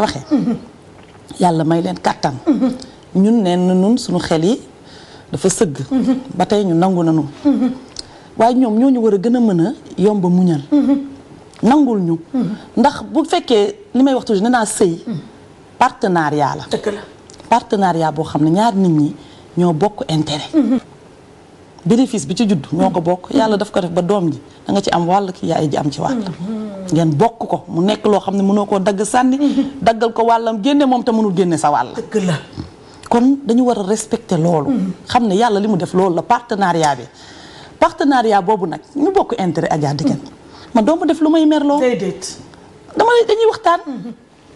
waxee yàlla may leen kàttan ñun neen nun suñu xel yi dafa sëgg ba tey ñu nangu nañu waaye ñoom ñoo ñu war a gën a mën a yomb muñal nangul ñu ndax bu fekkee li may wax toujours nee naa sëy partenariat la partenariat boo xam ne ñaar nit ñi ñoo bokk intérêt bénéfice bi ci judd ñoo ko bokk yàlla daf ko def ba doom ji da ci am wàll ki yaay ji am ci wàll ngeen bokk ko mu nekk loo xam ne mënoo koo dagg sànni daggal ko wàllam génne moom te munul génne sa wàll dëgg la kon dañu war a respecter loolu xam ne yàlla li mu def loolu la partenariat bi partenariat boobu nag ñu bokk intérêt Adja Dikene ma doo def lu may merloo dama dañuy waxtaan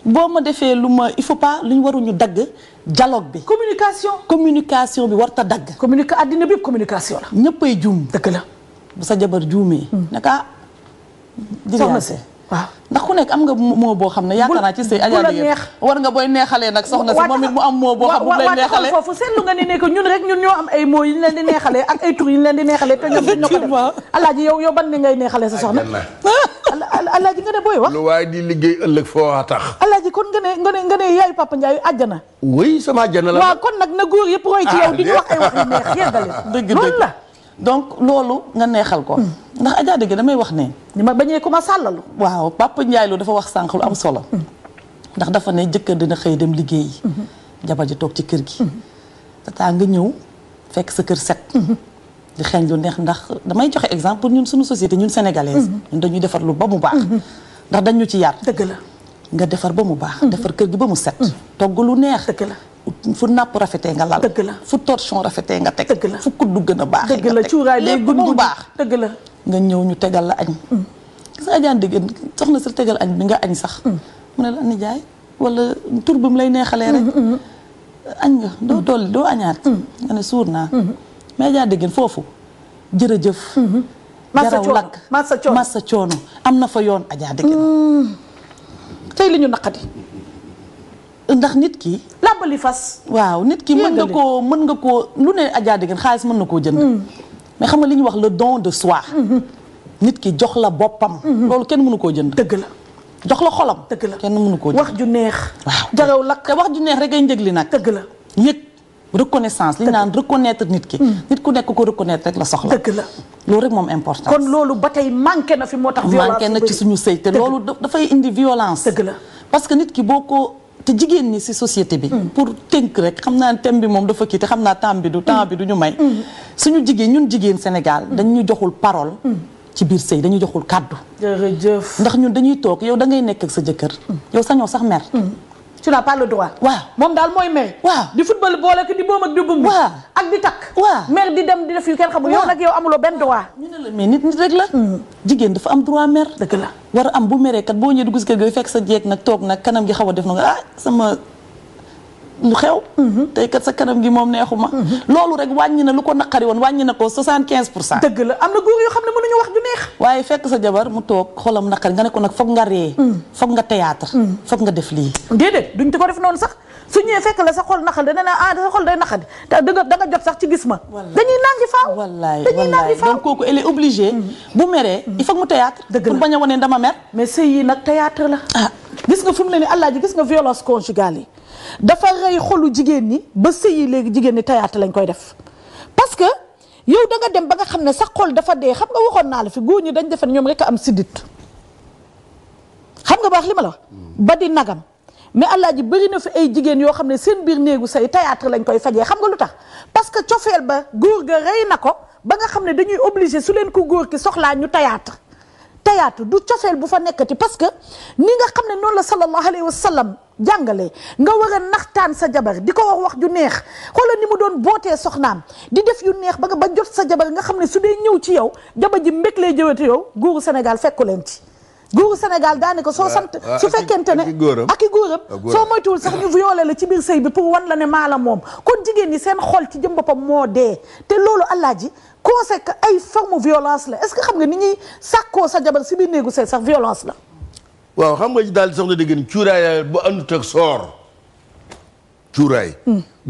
boo ma defee lu ma il faut pas lu ñu waruñu dagg dialogue bi. communication communication bi warta dagg. communica àddina bi communication la. ñëppay juum dëgg la. sa jabar juumee. Hmm. naka. Ah, soxna si waaw ndax ku nekk am nga moo boo xam ne yaakaar naa ci sëy ajaar yi war nga booy neexalee nag soxna si moom it mu am moo boo xam bu neexalee ne ne ñun rek ñoo am ay moo yi leen di neexalee ak ay tur yi leen di neexalee te ñoom dañ ko def alaaji yow yow ban ni ngay neexalee sa soxna alaaji nga ne booy wax. lu waaye di liggéey ëllëg foo a tax. alaaji kon nga ne nga ne nga ne yaayu papa àjjana. oui sama àjjana la. waaw kon nag na góor yëpp roy ah, ay wax yu loolu la. donc loolu nga neexal ko. Hmm. ndax Adja dëgg damay wax ne. ni ma bañee ko ma sàllalu. waaw papa Ndiaye lu dafa wax sànq lu am solo. Hmm. ndax dafa ne jëkkër dina xëy dem liggéeyi. Hmm. jabar ji toog ci kër gi. tataa nga ñëw fekk sa kër set di xeeñ lu neex ndax damay joxe exemple pour ñun suñu société ñun sénégalaise. Mhm. ñun dañuy defar lu ba mu baax. Mhm. ndax dañu ci yar. dëgg nga defar ba mu baax. Mhm. defar kër gi ba mu set. togg lu neex. dëgg la fu napp rafetee nga lal. dëgg la fu torchon rafetee nga teg. dëgg la fu kudd gën a baax. dëgg la cuuraay day gudd bu baax dëgg la. nga ñëw ñu tegal la añ. sa ajaan dëgg soxna sa tegal añ bi nga añ sax. mu ne la nijaay jaay wala tur bi mu lay neexalee rek. añ nga doo toll doo añaat. nga ne suur naa. mais yaa dégg foofu jërëjëf. Mhm. jaraw lakk massa coono massa coono am na fa yoon ajaa dégg mhm. tey li ñu naqati. ndax nit ki. làbbali fas. waaw nit ki mën nga koo mën nga koo lu ne ajaa dégg xaalis mën na koo jënd. Mhm. mais xam nga li ñuy wax le don de soi. nit ki jox la boppam. loolu kenn mënu koo jënd. dëgg la jox la xolam. dëgg la kenn mënu koo jënd ju neex. waaw jaraw lakk te wax ju neex rek ay njëg li nag. dëgg la reconnaissance li naan reconnaître nit ki hmm. nit ku nekk ko reconnaître rek la soxla dëgg la loolu rek moom important kon loolu ba tey manqué na fi moo tax manqué na ci suñu sëy te loolu dafay indi violence dëgg la parce que nit ki boo ko te jigéen ñi ci société bi hmm. pour tenk rek xam naa thème bi moom dafa kii te xam naa temps bi du hmm. temps bi du ñu may suñu jigéen ñun jigéen Sénégal dañu joxul parole ci biir sëy dañu joxul kàddu jërëjëf ndax ñun dañuy toog yow da ngay nekk ak sa jëkkër yow sañoo sax mer tu n'as pas droit. waaw moom daal mooy maire. waaw di football boole ak di boom ak di bum. waaw ak di takk. waaw maire di dem di def yu kenn xamul. waaw yow nag yow amuloo benn droit. ñu ne la mais nit nit rek la. Hmm. jigéen dafa am droit maire. dëgg la war a am bu meree kat boo ñëwee dugg si kër ga fekk sa jeeg nag toog nag kanam gi xaw a def na nga ah sama. lu xew. Mhm. tey kat sa kanam gi moom neexu ma. Mhm. loolu rek wàññi na lu ko naqari woon wàññi na ko 75 pour cent. dëgg la am na góor yoo xam ne mënuñu wax du neex. waaye fekk sa jabar mu toog xolam naqari nga ne ko nag foog nga ree. Mhm. foog nga théâtre. foog nga def lii. déedéet duñ ko def noonu sax su ñëwee fekk la sa xol naqari dana ne ah sa xol day naqari te danga danga jot sax ci gis ma. dañuy naan ci faaw. wallaay wallaay donc kooku elle est obligée. bu meree il faut mu dëgg la a wane dama mer. mais sëy yi nag théâtre la. ah gis nga fi mu ne nii Alaaji gis nga violence conjugale yi dafa rey xolu jigéen ñi ba sëyi léegi jigéen ñi tayaat lañ koy def parce que yow da nga dem ba nga xam ne sa xol dafa dee xam nga waxoon naa la fi góor ñi dañ defen ñoom rek a am siddit xam nga baax li ma la hmm. ba di nagam mais allah ji bëri na fi ay jigéen yoo xam ne seen biir néegu say théâtre lañ koy fajee xam nga lu tax parce que cofeel ba góor ga rey na ko ba nga xam ne dañuy obligé su leen ko góor ki soxlaa ñu théâtre théâtre du cofeel bu fa nekkati parce que ni nga xam ne noonu la sallallahu alayhi wa sallam jàngale nga war a naxtaan sa jabar di ko wax wax ju neex xoolal ni mu doon bootee soxnaam di def yu neex ba nga ba jot sa jabar nga xam ne su dee ñëw ci yow jabar ji mbég lay jëwete yow guuru Sénégal fekku leen ci guuru Sénégal daanaka soo sant su fekkente ne ak i ah, góoram soo moytuwul sax ñu violé la ci biir sëy bi pour wan la ne maa moom kon jigéen ñi seen xool ci jëm boppam moo dee te loolu allah ji conséquence ay forme violence la est-ce que xam nga ni ñuy sàkkoo sa jabar si biir néegu sëy sax violence la waaw xam nga daal soxna dégg ni cuuraay bu àndut ak soor cuuraay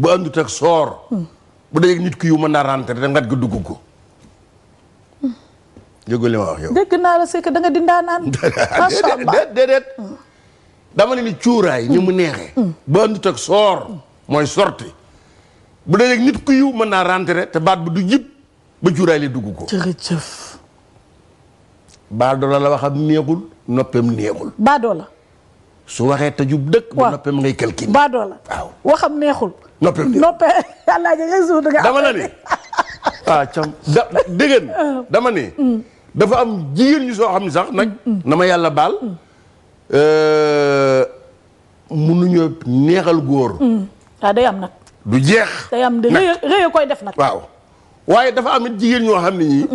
bu àndut soor bu dee nit ki yu mën naa rentre da ngat ko dugg ko yëgul yow dégg naa la c'est que da nga dama ne ni cuuraay ni mu neexe bu àndut ak soor mooy sorti bu dee nit ku yiw mën naa rentre te baat bu du jib ba cuuraay li dugg ko jërëjëf baal doona la wax am neexul noppam neexul. baadoo la. su waxee te jub dëkk. ba noppam ngay kalkin. baadoo la waaw waxam neexul. noppam neexul noppee allah nga. dama na ah, ah. mm. am jigéen ñu soo xam ne mm, mm. na ma yàlla baal. mënuñu euh, neexal góor. waaw ah, day am nag. du jeex. day am de rëy koy def nag. waaw waaye dafa am jigéen ñoo xam ne ñii.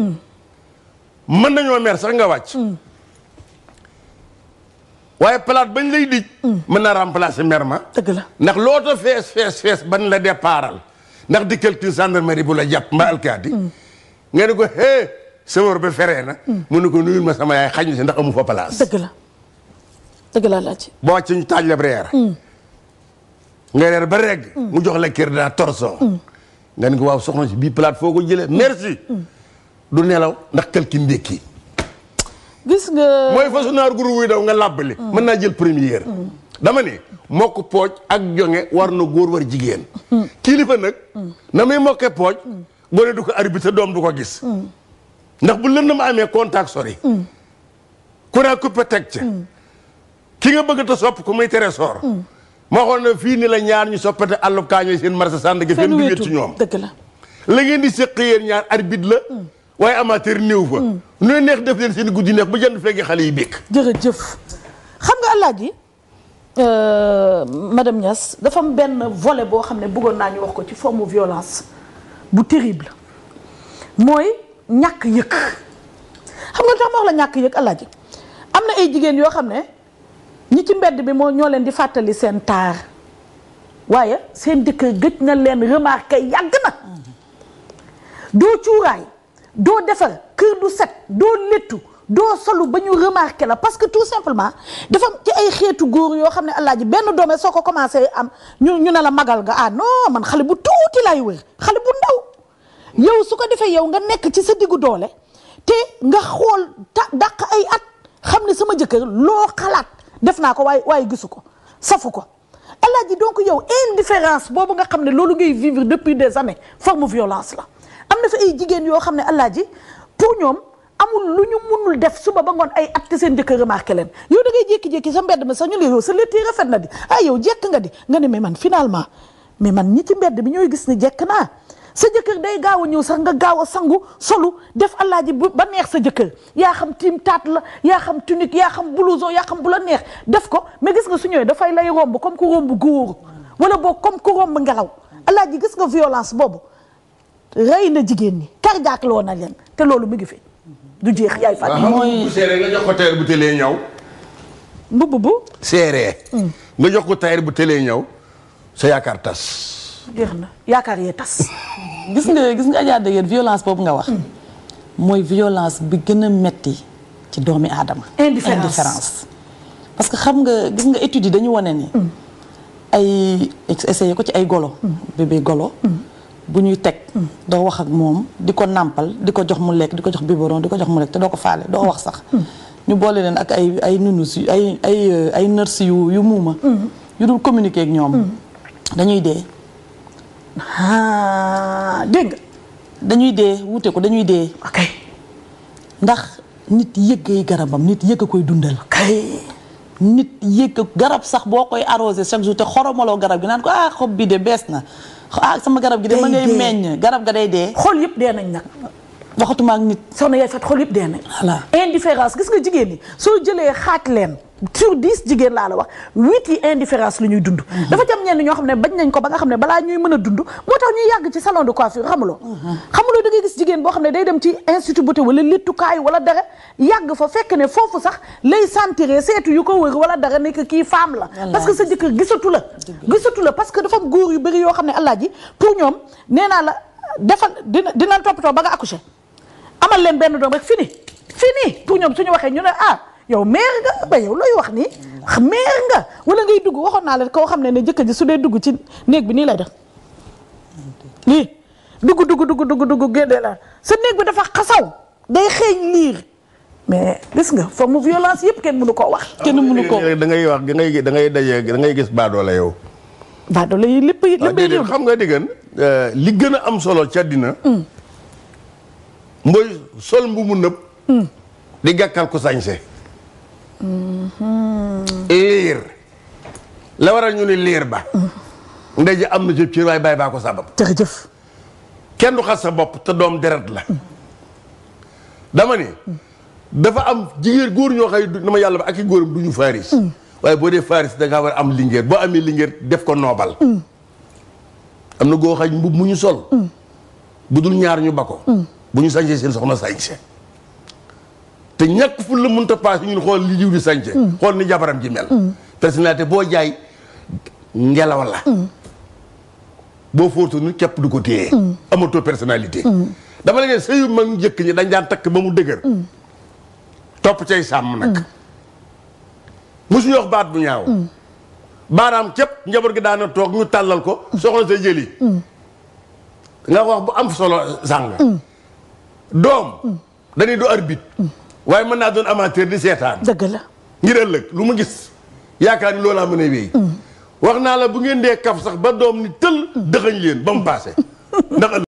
mën nañoo mer sax nga wàcc. waaye palaat bañ lay dij mm. mën na remplacer mer ma dëgg la ndax looto fees fees fees ban la départal ndax di quelqu'un gendarmerie bu la jàpp mba alkaati mm. nga ne ko hé sawar ba feree na mm. mu ne ko nuyul ma sama yaay xañ si ndax amu fa place dëgg la dëgg la laaj boo wàcc ñu taaj la reer nga reer ba regg mu jox la kër daa torso nga ne ko waaw soxna si bii palaat foo ko jëlee merci du nelaw ndax quelqu'un ndékki gis nga mooy fasu naar guru wuy daw nga làbbali mm. mën naa jël première mm. dama ne mokk pooj ak jonge war na góor war jigéen mm. kilifa nag na muy mokke pooj gone du ko arbitre doom du ko gis ndax bu mu amee contact sori courant coupé teg ca ki nga bëgg te sopp ku muy trésor moo xoon ne fii ni la ñaar ñu soppate àllub kaa ñooy seen marché sànd gi fenn du wéet ci ñoom dëgg la la ngeen ñaar arbitre la waaye amateur néew fa. Hmm. nu neex def leen seen guddi neex ba jënd fekk xale yi békk. jërëjëf xam nga alaaji euh, madame Niass dafa am benn vole boo xam ne bëggoon naa ñu wax ko ci forme violence bu terrible mooy ñàkk yëkk xam nga tax ma wax la ñàkk yëkk alaaji am na ay jigéen yoo xam ne ñi ci mbedd bi moo ñoo leen di fàttali seen taar waaye seen dëkk gëj na leen remarqué yàgg na hmm. doo cuuraay. doo defar kër du set doo léttu doo solu ba ñu remarqué la parce que tout simplement dafa ci ay xeetu góor yoo xam ne alaaji benn doome soo ko commencé am ñu ñu ne la magal nga ah non man xale bu tuuti lay wër xale bu ndaw yow su ko defee yow nga nekk ci sa diggu doole te nga xool ta daq ay at xam ne sama jëkkër loo xalaat def naa ko waaye waaye gisu ko safu ko alaaji donc yow indifférence boobu nga xam ne loolu ngay vivre depuis des années forme violence la am na fi ay jigéen yoo xam ne alaaji pour ñoom amul lu ñu munul def suba ba ngoon ay at te seen jëkkër remarqué leen yow da ngay jékki-jékki sa mbedd ma sa ñu ne yow sa létt yi rafet na di ah yow jekk nga di nga ne mais man finalement mais man ñi ci mbedd bi ñooy gis ne jekk naa sa jëkkër day gaaw a ñëw sax nga gaaw a sangu solu def alaaji bu ba neex sa jëkkër yaa xam tiim taat la yaa xam tunique yaa xam blouson yaa xam bu la neex def ko mais gis nga su ñëwee dafay lay romb comme ku romb góor wala boog comme ku romb ngelaw alaaji gis nga violence boobu rey na jigéen ñi cardiaque loo na leen te loolu mu ngi fi du jeex yaay fàttali. waaw xam nga nga jox ko tailleur bu tëlee ñaw. mbubb bu. seeree. Mm. nga jox ko tailleur bu tëlee ñaw sa yaakaar tas. jeex na yaakaar yee tas. gis nga gis nga Adja Degene violence boobu nga wax. Mm. mooy violence bi gën a metti ci doomi aadama. indifférence indifférence. parce que xam nga gis nga études yi dañu wane ni. Mm. ay essayé ko ci ay golo. bébé golo. bu ñuy teg doo wax ak moom di ko nàmpal di ko jox mu lekk di ko jox biberon di ko jox mu lekk te doo ko faale doo wax sax hmm. ñu boole leen ak ay ay nunus yu ay ay ay nurse yu yu muuma hmm. yu dul communiquer ak ñoom hmm. dañuy dee ah, dégg dañuy dee wuute ko dañuy dee ndax nit yëg ay garabam nit yëg a koy dundal kay nit yëg garab sax boo koy arrosé chaque jour te xoromaloo garab gi naan ko ah xob bi de bees na ah sama garab gi de ma ngay meññ garab ga day dee. xol yëpp dee nañ na waxatuma ak nit. soxna yaay fat xol yëpp dee nañ. indifférence gis nga jigéen ñi soo jëlee xaaj leen. sur dix jigéen laa la wax huit yi indifférence lu ñuy dund mhm. dafa jam ñenn ñoo xam ne bañ nañ ko ba nga xam ne balaa ñuy mën a dund moo tax ñuy yàgg ci salon de coiffure xamuloo mhm. xamuloo da ngay gis jigéen boo xam ne day dem ci institut beauté wala léttukaay wala dara yàgg fa fekk ne foofu sax lay sentir seetu yu ko wër wala dara nekk kii femme la parce que sa jëkkër gisatu la gisatu la parce que dafa góor yu bëri yoo xam ne allah ji pour ñoom nee naa la defal dina dinañ toppatoo ba nga accouché amal leen benn doom rek fini fini pour ñoom suñu waxee ñu ne ah yow meer nga ba yow looy wax ni meer nga wala ngay dugg waxoon naa la koo xam ne ne jëkk ji su dee dugg ci néeg bi nii lay def nii dugg dugg dugg dugg dugg génne la sa néeg bi dafa xasaw day xeeñ liir mais gis nga forme violence yëpp kenn mënu koo wax. kenn mënu koo wax da ngay wax da ngay da ngay daje da ngay gis baadoola yow. baadoola yi lépp lépp xam nga dégg euh, li gën a am solo ci àddina. Hmm. mooy sol mbu nëb. Hmm. di gàkkal ko sañse Mm-hmm. liir la waral ñu ni liir ba mm-hmm. ndey ji am na jëf ci waaye bàyyi baa ko sabab jërëjëf kenn du xas sa bopp te doom deret la mm-hmm. dama ni dafa am jigéen góor ñoo xëy na ma yàlla ba ak i góoram du ñu faaris waaye boo dee faaris da war a am lingeer boo amee lingeer def ko noobal am na goo xaj mbub mu ñu sol bu dul ñaar ñu ba ko bu ñu sañsee seen soxna sañse te ñàkk fu la mënta paase ñun xool li jiw di sànce. Mm. xool ni jabaram ji mel. Mm. personnalité boo jaay ngelaw la. Mm. boo fóotu nu képp du ko téye. amatoo personalité dama la ne sëyu mag njëkk ñi dañ daan takk ba mu dëgër. topp cay sàmm nag. musuñu wax baat bu ñaaw. baaraam képp njaboot gi daana toog ñu tàllal ko. soxna sa jëli. nga wax bu am solo sàng. doom. dañuy du arbitre. waaye mën naa doon amateur di seetaan. dëgg la ngir ëllëg lu mu gis yaakaar ni loolaa mën a wéy. Mm. wax naa la bu ngeen dee kaf sax ba doom ni tël dëxañ leen ba mu paase ndax